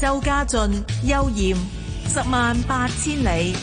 周家俊、邱艷，十萬八千里。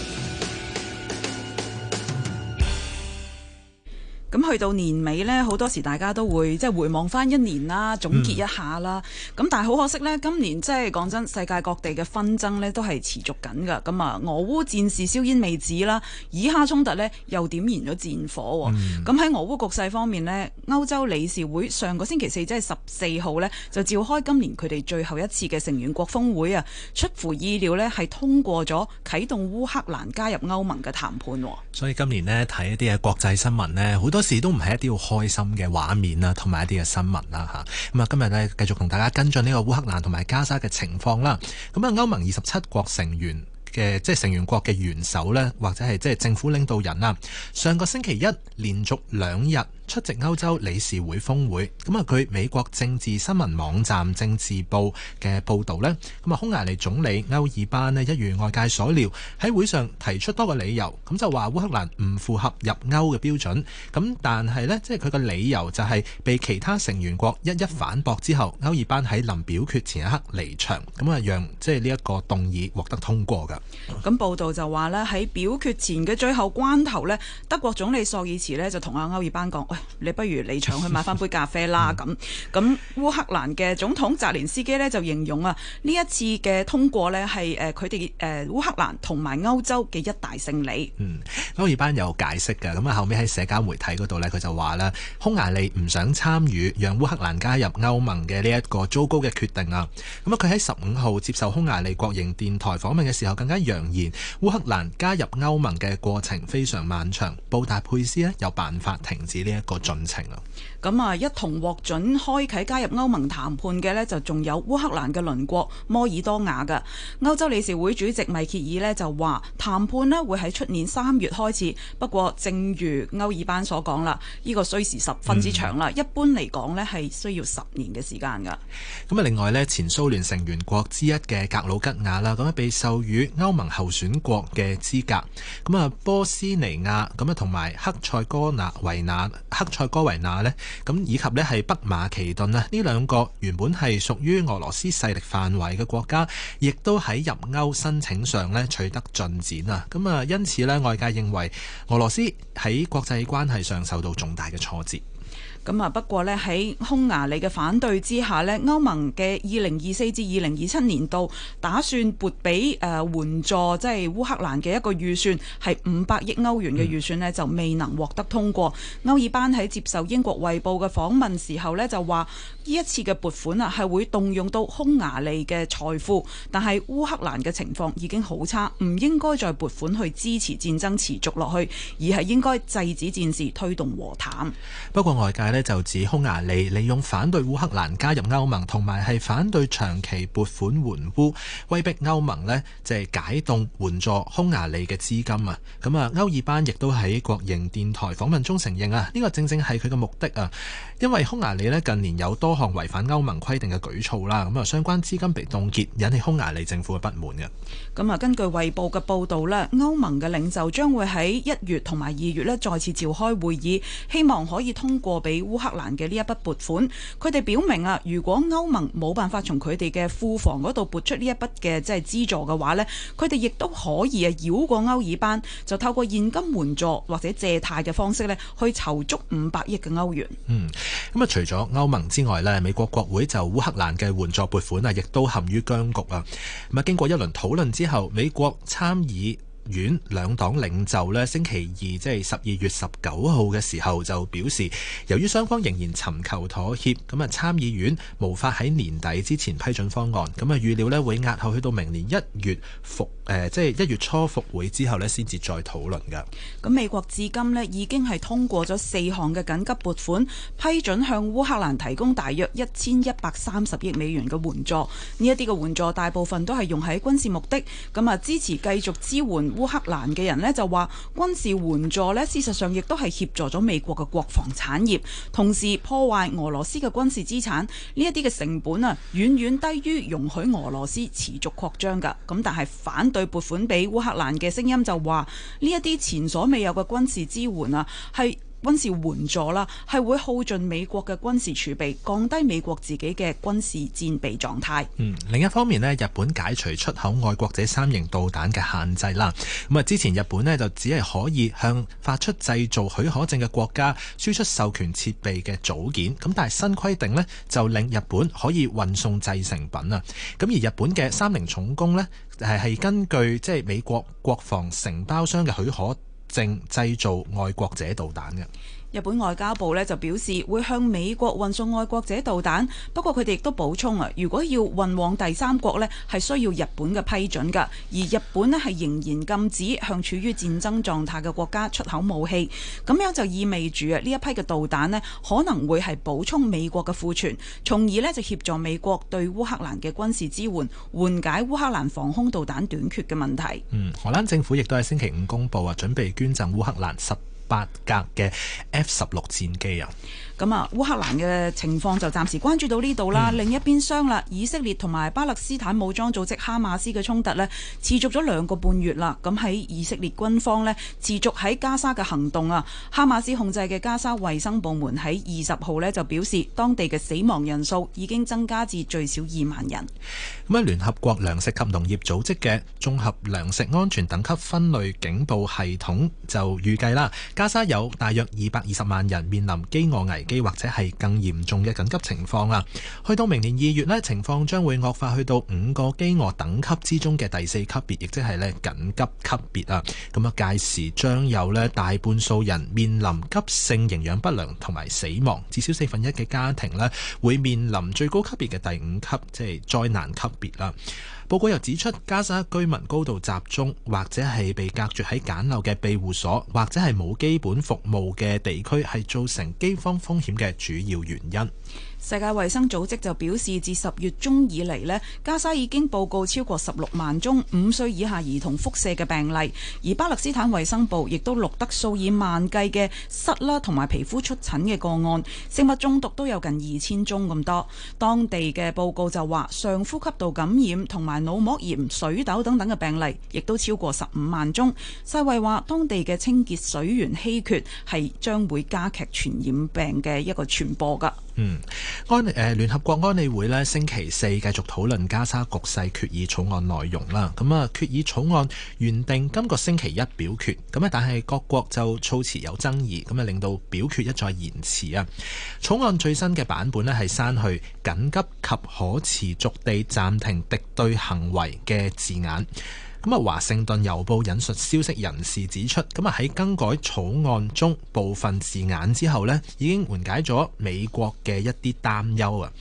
咁去到年尾咧，好多時大家都會即係回望翻一年啦，總結一下啦。咁、嗯、但係好可惜咧，今年即係講真，世界各地嘅紛爭咧都係持續緊㗎。咁啊，俄烏戰事硝煙未止啦，以哈衝突咧又點燃咗戰火。咁喺、嗯、俄烏局勢方面咧，歐洲理事會上個星期四即係十四號咧就召開今年佢哋最後一次嘅成員國峰會啊。出乎意料咧，係通過咗啟動烏克蘭加入歐盟嘅談判。所以今年咧睇一啲嘅國際新聞咧，好多。事都唔係一啲好開心嘅畫面啦，同埋一啲嘅新聞啦吓，咁啊。今日咧繼續同大家跟進呢個烏克蘭同埋加沙嘅情況啦。咁啊，歐盟二十七國成員嘅，即係成員國嘅元首咧，或者係即係政府領導人啊，上個星期一連續兩日。出席歐洲理事會峰會，咁啊據美國政治新聞網站《政治報》嘅報道咧，咁啊匈牙利總理歐爾班咧，一如外界所料喺會上提出多個理由，咁就話烏克蘭唔符合入歐嘅標準，咁但係咧即係佢嘅理由就係被其他成員國一一反駁之後歐爾班喺臨表決前一刻離場，咁啊讓即係呢一個動議獲得通過噶。咁報道就話咧喺表決前嘅最後關頭咧，德國總理朔爾茨咧就同阿歐爾班講。你不如你場去買翻杯咖啡啦，咁咁。烏克蘭嘅總統澤連斯基呢，就形容啊，呢一次嘅通過呢，係誒佢哋誒烏克蘭同埋歐洲嘅一大勝利。嗯，歐爾班有解釋㗎，咁啊後尾喺社交媒體嗰度呢，佢就話啦，匈牙利唔想參與讓烏克蘭加入歐盟嘅呢一個糟糕嘅決定啊。咁、嗯、啊，佢喺十五號接受匈牙利國營電台訪問嘅時候更加揚言，烏克蘭加入歐盟嘅過程非常漫長，布達佩斯呢，有辦法停止呢一個個進程啊，咁啊，一同獲准開啟加入歐盟談判嘅呢，就仲有烏克蘭嘅鄰國摩爾多瓦噶。歐洲理事會主席米歇爾呢，就話，談判呢會喺出年三月開始。不過，正如歐爾班所講啦，呢個需時十分之長啦。嗯、一般嚟講呢，係需要十年嘅時間噶。咁啊、嗯，另外呢，前蘇聯成員國之一嘅格魯吉亞啦，咁啊被授予歐盟候選國嘅資格。咁啊，波斯尼亞咁啊，同埋黑塞哥維那。克塞哥維那呢，咁以及呢，係北馬其頓啊，呢兩個原本係屬於俄羅斯勢力範圍嘅國家，亦都喺入歐申請上咧取得進展啊！咁啊，因此咧，外界認為俄羅斯喺國際關係上受到重大嘅挫折。咁啊，不過咧喺匈牙利嘅反對之下咧，歐盟嘅二零二四至二零二七年度打算撥俾誒、呃、援助即係烏克蘭嘅一個預算係五百億歐元嘅預算咧，就未能獲得通過。嗯、歐爾班喺接受英國《衛報》嘅訪問時候咧，就話呢一次嘅撥款啊，係會動用到匈牙利嘅財富，但係烏克蘭嘅情況已經好差，唔應該再撥款去支持戰爭持續落去，而係應該制止戰事，推動和談。不過外界就指匈牙利利用反對烏克蘭加入歐盟同埋係反對長期撥款援烏，威逼歐盟咧即係解凍援助匈牙利嘅資金啊！咁、嗯、啊，歐爾班亦都喺國營電台訪問中承認啊，呢、這個正正係佢嘅目的啊！因為匈牙利咧近年有多項違反歐盟規定嘅舉措啦，咁啊相關資金被凍結，引起匈牙利政府嘅不滿嘅。咁啊，根據衛報嘅報道咧，歐盟嘅領袖將會喺一月同埋二月咧再次召開會議，希望可以通過俾。烏克蘭嘅呢一筆撥款，佢哋表明啊，如果歐盟冇辦法從佢哋嘅庫房嗰度撥出呢一筆嘅即係資助嘅話咧，佢哋亦都可以啊繞過歐爾班，就透過現金援助或者借貸嘅方式咧，去籌足五百億嘅歐元。嗯，咁啊，除咗歐盟之外咧，美國國會就烏克蘭嘅援助撥款啊，亦都陷於僵局啊。咁啊，經過一輪討論之後，美國參議院兩黨領袖呢，星期二即係十二月十九號嘅時候就表示，由於雙方仍然尋求妥協，咁啊參議院無法喺年底之前批准方案，咁啊預料呢，會押後去到明年一月復誒，即係一月初復會之後呢先至再討論嘅。咁美國至今呢，已經係通過咗四項嘅緊急撥款，批准向烏克蘭提供大約一千一百三十億美元嘅援助。呢一啲嘅援助大部分都係用喺軍事目的，咁啊支持繼續支援。烏克蘭嘅人呢，就話軍事援助呢，事實上亦都係協助咗美國嘅國防產業，同時破壞俄羅斯嘅軍事資產。呢一啲嘅成本啊，遠遠低於容許俄羅斯持續擴張噶。咁但係反對撥款俾烏克蘭嘅聲音就話，呢一啲前所未有嘅軍事支援啊，係。軍事援助啦，係會耗盡美國嘅軍事儲備，降低美國自己嘅軍事戰備狀態。嗯，另一方面咧，日本解除出口外國者三型導彈嘅限制啦。咁、嗯、啊，之前日本呢就只係可以向發出製造許可證嘅國家輸出授權設備嘅組件，咁但係新規定呢，就令日本可以運送製成品啊。咁而日本嘅三菱重工呢，誒係根據即係美國國防承包商嘅許可。正製造愛國者導彈嘅。日本外交部呢就表示會向美國運送愛國者導彈，不過佢哋亦都補充啊，如果要運往第三國呢，係需要日本嘅批准噶。而日本呢，係仍然禁止向處於戰爭狀態嘅國家出口武器。咁樣就意味住啊，呢一批嘅導彈呢，可能會係補充美國嘅庫存，從而呢，就協助美國對烏克蘭嘅軍事支援，緩解烏克蘭防空導彈短缺嘅問題。嗯，荷蘭政府亦都喺星期五公布啊，準備捐贈烏克蘭十。八格嘅 F 十六戰機啊。咁啊，烏克蘭嘅情況就暫時關注到呢度啦。嗯、另一邊廂啦，以色列同埋巴勒斯坦武裝組織哈馬斯嘅衝突咧持續咗兩個半月啦。咁喺以色列軍方咧持續喺加沙嘅行動啊，哈馬斯控制嘅加沙衛生部門喺二十號咧就表示，當地嘅死亡人數已經增加至最少二萬人。咁啊聯合國糧食及農業組織嘅綜合糧食安全等級分類警報系統就預計啦，加沙有大約二百二十萬人面臨飢餓危。或者係更嚴重嘅緊急情況啊。去到明年二月呢，情況將會惡化，去到五個飢餓等級之中嘅第四級別，亦即係咧緊急級別啊。咁啊，屆時將有咧大半數人面臨急性營養不良同埋死亡，至少四分一嘅家庭呢會面臨最高級別嘅第五級，即係災難級別啦。報告又指出，加沙居民高度集中，或者係被隔絕喺簡陋嘅庇護所，或者係冇基本服務嘅地區，係造成饑荒風風險嘅主要原因。世界衛生組織就表示，自十月中以嚟呢，加沙已經報告超過十六萬宗五歲以下兒童腹瀉嘅病例，而巴勒斯坦衛生部亦都錄得數以萬計嘅虱乸同埋皮膚出疹嘅個案，食物中毒都有近二千宗咁多。當地嘅報告就話，上呼吸道感染同埋腦膜炎、水痘等等嘅病例，亦都超過十五萬宗。世衛話，當地嘅清潔水源稀缺係將會加劇傳染病嘅一個傳播噶。嗯，安聯合國安理會咧，星期四繼續討論加沙局勢決議草案內容啦。咁啊，決議草案原定今個星期一表決，咁啊，但係各國就措辭有爭議，咁啊，令到表決一再延遲啊。草案最新嘅版本咧，係刪去緊急及可持續地暫停敵對行為嘅字眼。咁啊，華盛頓郵報引述消息人士指出，咁啊，喺更改草案中部分字眼之後咧，已經緩解咗美國嘅一啲擔憂啊。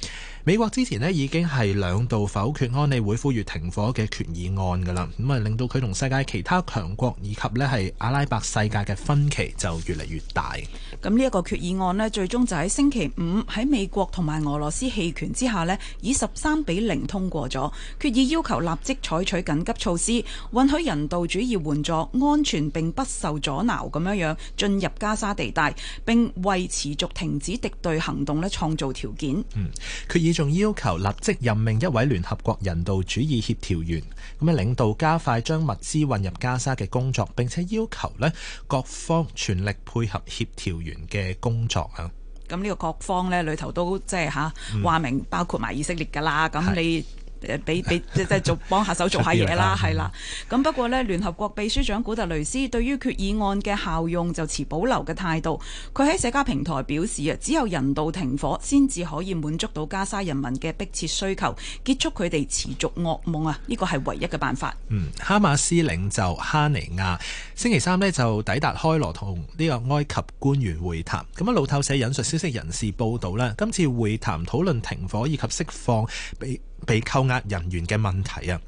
美國之前咧已經係兩度否決安理會呼籲停火嘅決議案㗎啦，咁啊令到佢同世界其他強國以及呢係阿拉伯世界嘅分歧就越嚟越大。咁呢一個決議案呢，最終就喺星期五喺美國同埋俄羅斯棄權之下呢，以十三比零通過咗決議，要求立即採取緊急措施，允許人道主義援助安全並不受阻撓咁樣樣進入加沙地帶，並為持續停止敵對行動呢創造條件。嗯，決議。仲要求立即任命一位聯合國人道主義協調員，咁樣領導加快將物資運入加沙嘅工作，並且要求呢各方全力配合協調員嘅工作啊！咁呢個各方呢裏頭都即係嚇，話明包括埋以色列噶啦。咁你。誒，俾俾 即係做幫下手做下嘢啦，係啦。咁不過咧，聯合國秘書長古特雷斯對於決議案嘅效用就持保留嘅態度。佢喺社交平台表示啊，只有人道停火先至可以滿足到加沙人民嘅迫切需求，結束佢哋持續噩夢啊！呢個係唯一嘅辦法。嗯，哈馬斯領袖哈尼亞星期三咧就抵達開羅同呢個埃及官員會談。咁啊，路透社引述消息人士報導咧，今次會談討論停火以及釋放被。被扣押人員嘅問題啊！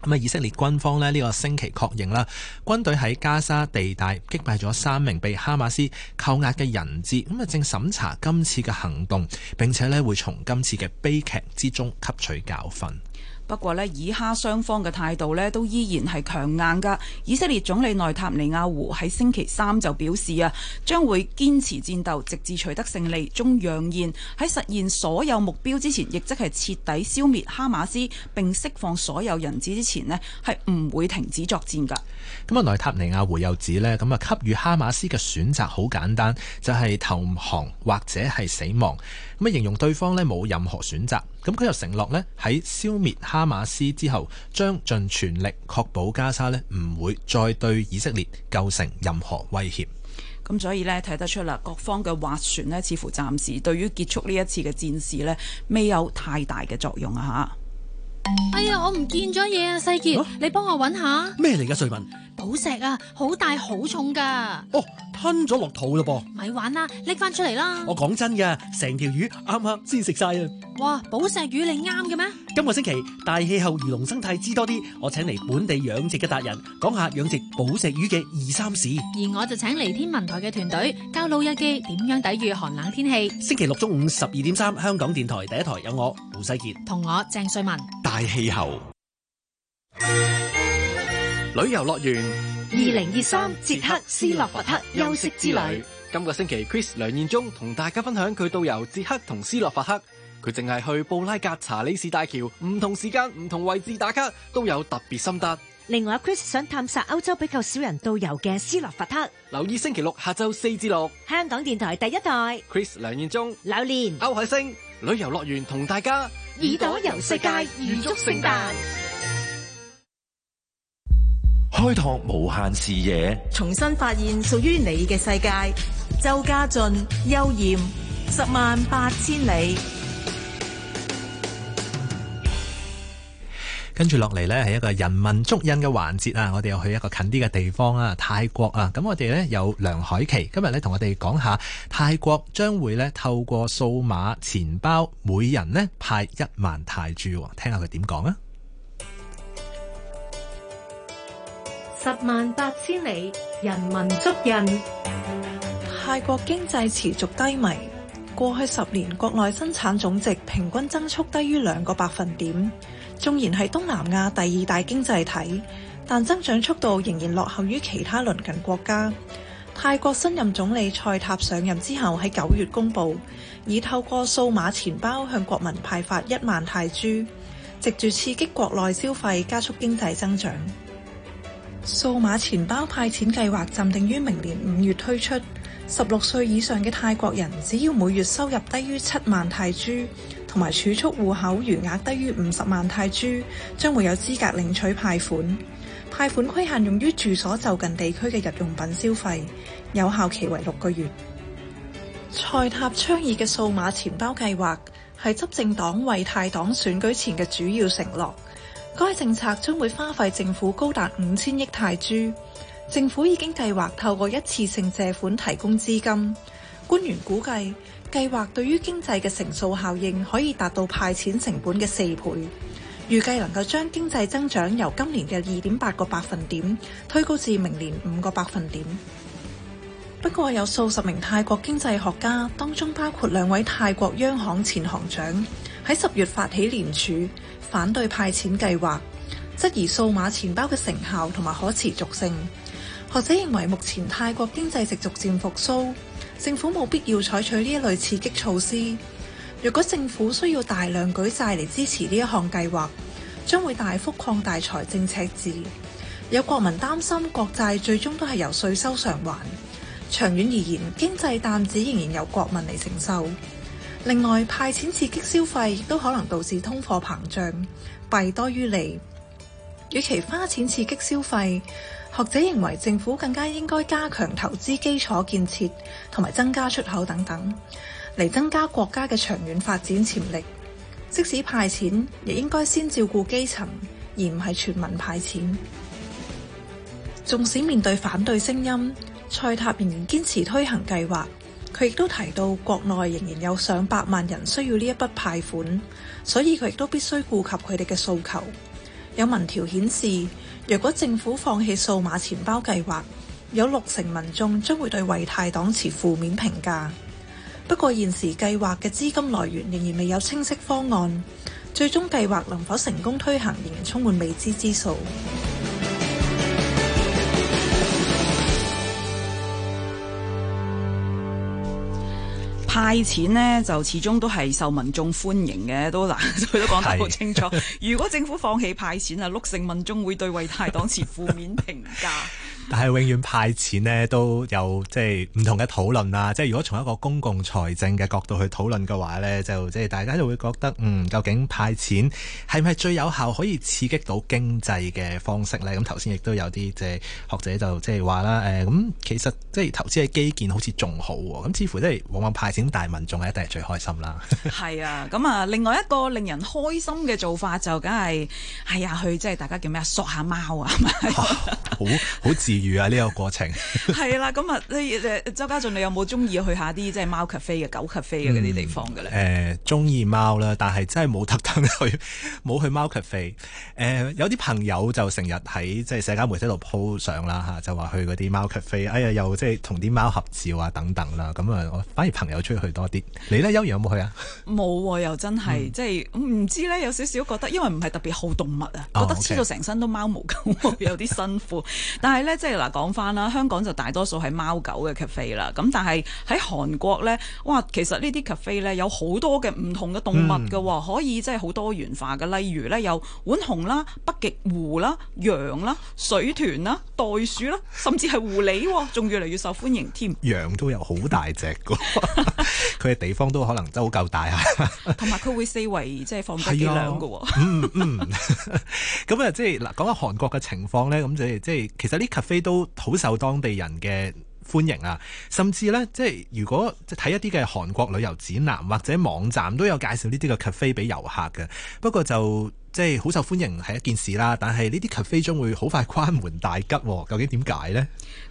咁啊，以色列軍方咧呢個星期確認啦，軍隊喺加沙地帶擊斃咗三名被哈馬斯扣押嘅人質。咁啊，正審查今次嘅行動，並且呢會從今次嘅悲劇之中吸取教訓。不過呢以哈雙方嘅態度呢都依然係強硬噶。以色列總理內塔尼亞胡喺星期三就表示啊，將會堅持戰鬥，直至取得勝利。仲揚言喺實現所有目標之前，亦即係徹底消滅哈馬斯並釋放所有人質之前咧，係唔會停止作戰噶。咁啊，內塔尼亞胡又指呢咁啊給予哈馬斯嘅選擇好簡單，就係、是、投降或者係死亡。咁啊，形容對方冇任何選擇。咁佢又承諾呢，喺消滅哈馬斯之後，將盡全力確保加沙呢唔會再對以色列構成任何威脅。咁所以呢，睇得出啦，各方嘅斡旋呢，似乎暫時對於結束呢一次嘅戰事呢，未有太大嘅作用啊！嚇。哎呀，我唔見咗嘢啊！細杰，啊、你幫我揾下咩嚟噶？瑞文，寶石啊，好大好重噶。哦，吞咗落肚啦噃。咪玩啦，拎翻出嚟啦。我講真噶，成條魚啱啱先食晒啊！哇，寶石魚你啱嘅咩？今個星期大氣候魚龍生態知多啲，我請嚟本地養殖嘅達人講下養殖寶石魚嘅二三事。而我就請嚟天文台嘅團隊教老友記點樣抵禦寒冷天氣。星期六中午十二點三，3，香港電台第一台有我胡世杰同我鄭瑞文。大氣候旅遊樂園，二零二三捷克斯洛伐克休息之旅。今個星期，Chris 梁彥忠同大家分享佢導遊捷克同斯洛伐克，佢淨係去布拉格查理士大橋，唔同時間，唔同位置打卡都有特別心得。另外，Chris 想探索歐洲比較少人導遊嘅斯洛伐克，留意星期六下晝四至六，香港電台第一台，Chris 梁彥忠，柳蓮年，歐海星，旅遊樂園同大家。耳朵遊世界，如足聖誕，開拓無限視野，重新發現屬於你嘅世界。周家俊、悠艷，十萬八千里。跟住落嚟呢係一個人文足印嘅環節啊！我哋又去一個近啲嘅地方啊，泰國啊！咁我哋呢，有梁凱琪，今日呢，同我哋講下泰國將會呢透過數碼錢包，每人呢派一萬泰銖。聽下佢點講啊！十萬八千里，人文足印。泰國經濟持續低迷，過去十年國內生產總值平均增速低於兩個百分點。縱然係東南亞第二大經濟體，但增長速度仍然落後於其他鄰近國家。泰國新任總理蔡塔上任之後，喺九月公佈，以透過數碼錢包向國民派發一萬泰銖，藉住刺激國內消費，加速經濟增長。數碼錢包派錢計劃暫定於明年五月推出，十六歲以上嘅泰國人只要每月收入低於七萬泰銖，同埋儲蓄戶口餘額低於五十萬泰銖，將會有資格領取派款。派款規限用於住所就近地區嘅日用品消費，有效期為六個月。蔡塔倡議嘅數碼錢包計劃係執政黨為泰黨選舉前嘅主要承諾。該政策將會花費政府高達五千億泰銖。政府已經計劃透過一次性借款提供資金。官員估計計劃對於經濟嘅乘數效應可以達到派錢成本嘅四倍，預計能夠將經濟增長由今年嘅二點八個百分點推高至明年五個百分點。不過，有數十名泰國經濟學家，當中包括兩位泰國央行前行長喺十月發起聯署，反對派錢計劃，質疑數碼錢包嘅成效同埋可持續性。學者認為，目前泰國經濟正逐漸復蘇。政府冇必要採取呢一類刺激措施。如果政府需要大量舉債嚟支持呢一項計劃，將會大幅擴大財政赤字。有國民擔心國債最終都係由稅收償還，長遠而言，經濟擔子仍然由國民嚟承受。另外，派錢刺激消費亦都可能導致通貨膨脹，弊多於利。與其花錢刺激消費，學者認為政府更加應該加強投資基礎建設，同埋增加出口等等，嚟增加國家嘅長遠發展潛力。即使派錢，亦應該先照顧基層，而唔係全民派錢。縱使面對反對聲音，蔡塔仍然堅持推行計劃。佢亦都提到國內仍然有上百萬人需要呢一筆派款，所以佢亦都必須顧及佢哋嘅訴求。有民調顯示，如果政府放棄數碼錢包計劃，有六成民眾將會對為泰黨持負面評價。不過，現時計劃嘅資金來源仍然未有清晰方案，最終計劃能否成功推行仍然充滿未知之數。派錢呢就始終都係受民眾歡迎嘅，都難佢都講得好清楚。是的 如果政府放棄派錢啊，六 成民眾會對為泰黨持負面評價。但係永遠派錢咧都有即係唔同嘅討論啦，即係如果從一個公共財政嘅角度去討論嘅話咧，就即係大家就會覺得嗯，究竟派錢係咪最有效可以刺激到經濟嘅方式咧？咁頭先亦都有啲即係學者就即係話啦，誒咁其實即係投資嘅基建好似仲好喎，咁似乎即係往往派錢大民眾一定係最開心啦。係啊，咁啊，另外一個令人開心嘅做法就梗係哎啊，去即係大家叫咩啊，索下貓啊，好好自然。啊呢個過程係啦，咁 啊，誒周家俊，你有冇中意去下啲即係貓 cafe 嘅、嗯、狗 cafe 嘅嗰啲地方嘅咧？誒、呃，中意貓啦，但係真係冇特登去，冇去貓 cafe、呃。有啲朋友就成日喺即係社交媒體度 po 相啦嚇，就話去嗰啲貓 cafe，哎呀，又即係同啲貓合照啊等等啦。咁啊，我反而朋友出去多啲。你咧，悠然有冇去啊？冇、啊，又真係、嗯、即係唔知咧，有少少覺得，因為唔係特別好動物啊，哦、覺得黐到成身都貓毛，okay. 有啲辛苦。但係咧，即即係嗱，講翻啦，香港就大多數係貓狗嘅 cafe 啦。咁但係喺韓國咧，哇，其實呢啲 cafe 咧有好多嘅唔同嘅動物噶，嗯、可以即係好多元化嘅。例如咧，有浣熊啦、北極狐啦、羊啦、水豚啦、袋鼠啦，甚至係狐狸，仲越嚟越受歡迎添。羊都有好大隻噶，佢嘅 地方都可能好夠大啊。同埋佢會四圍即係放低量噶。嗯 嗯，咁啊，講講韓即係嗱，講下韓國嘅情況咧，咁就即係其實呢 cafe。都好受當地人嘅歡迎啊，甚至呢，即係如果即係睇一啲嘅韓國旅遊展覽或者網站都有介紹呢啲嘅 cafe 俾遊客嘅，不過就。即係好受歡迎係一件事啦，但係呢啲咖啡將會好快關門大吉，究竟點解呢？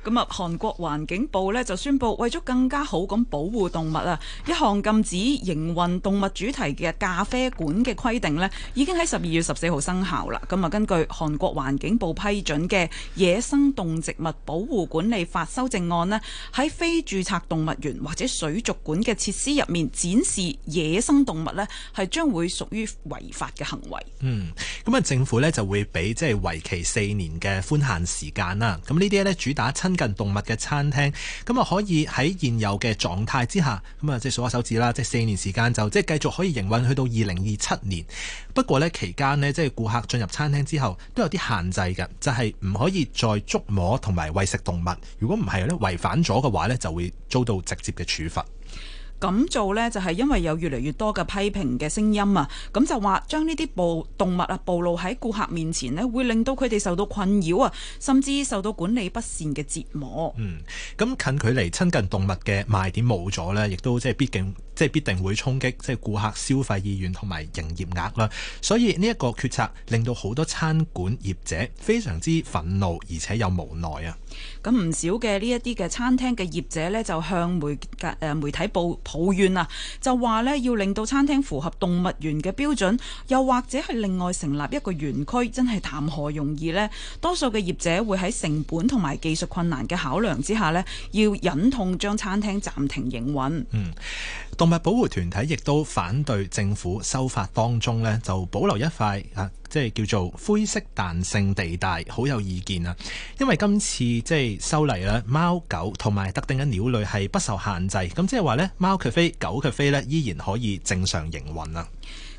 咁啊，韓國環境部咧就宣布，為咗更加好咁保護動物啊，一項禁止營運動物主題嘅咖啡館嘅規定呢已經喺十二月十四號生效啦。咁啊，根據韓國環境部批准嘅野生動植物保護管理法修正案呢，喺非註冊動物園或者水族館嘅設施入面展示野生動物呢係將會屬於違法嘅行為。嗯。嗯，咁啊政府咧就會俾即係為期四年嘅寬限時間啦。咁呢啲咧主打親近動物嘅餐廳，咁啊可以喺現有嘅狀態之下，咁啊即係數下手指啦，即係四年時間就即係繼續可以營運去到二零二七年。不過咧期間呢即係顧客進入餐廳之後都有啲限制嘅，就係、是、唔可以再捉摸同埋餵食動物。如果唔係咧違反咗嘅話咧，就會遭到直接嘅處罰。咁做呢，就係因為有越嚟越多嘅批評嘅聲音啊，咁就話將呢啲布動物啊暴露喺顧客面前呢，會令到佢哋受到困擾啊，甚至受到管理不善嘅折磨。嗯，咁近距離親近動物嘅賣點冇咗呢，亦都即係畢竟。即係必定會衝擊即係顧客消費意願同埋營業額啦，所以呢一個決策令到好多餐館業者非常之憤怒，而且又無奈啊！咁唔少嘅呢一啲嘅餐廳嘅業者咧，就向媒誒、呃、媒體報抱怨啊，就話咧，要令到餐廳符合動物園嘅標準，又或者係另外成立一個園區，真係談何容易咧。多數嘅業者會喺成本同埋技術困難嘅考量之下咧，要忍痛將餐廳暫停營運。嗯。同埋保護團體亦都反對政府修法，當中呢就保留一塊啊，即係叫做灰色彈性地帶，好有意見啊！因為今次即係修例咧，貓狗同埋特定嘅鳥類係不受限制，咁即係話呢貓咖啡，狗咖啡呢依然可以正常營運啊！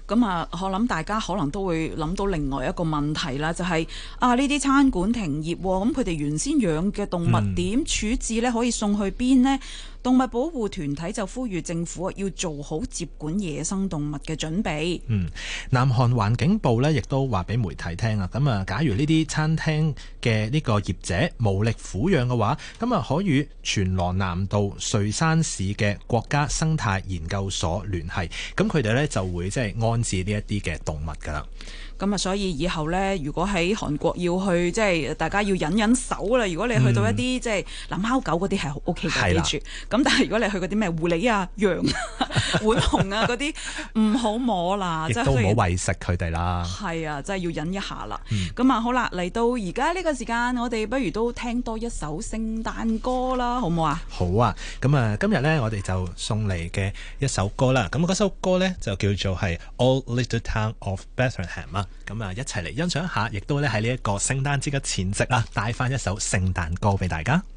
咁啊，我諗大家可能都會諗到另外一個問題啦，就係、是、啊，呢啲餐館停業，咁佢哋原先養嘅動物點、嗯、處置呢？可以送去邊呢？動物保護團體就呼籲政府要做好接管野生動物嘅準備。嗯，南韓環境部呢亦都話俾媒體聽啊。咁啊，假如呢啲餐廳嘅呢個業者無力撫養嘅話，咁啊，可以與全羅南道瑞山市嘅國家生態研究所聯繫。咁佢哋呢就會即係安置呢一啲嘅動物噶啦。咁啊，所以以後呢，如果喺韓國要去，即係大家要忍忍手啦。如果你去到一啲、嗯、即係嗱貓狗嗰啲係 OK 嘅的咁但係如果你去嗰啲咩狐狸啊、羊啊、浣熊啊嗰啲，唔 好摸啦，亦都唔好餵食佢哋啦。係啊，真係要忍一下啦。咁啊，好啦，嚟到而家呢個時間，我哋不如都聽多一首聖誕歌啦，好唔好啊？好啊。咁啊，今日咧，我哋就送嚟嘅一首歌啦。咁嗰首歌咧，就叫做係《All Little Town of Bethlehem》啊。咁啊，一齊嚟欣賞一下，亦都咧喺呢一個聖誕節嘅前夕啊，帶翻一首聖誕歌俾大家。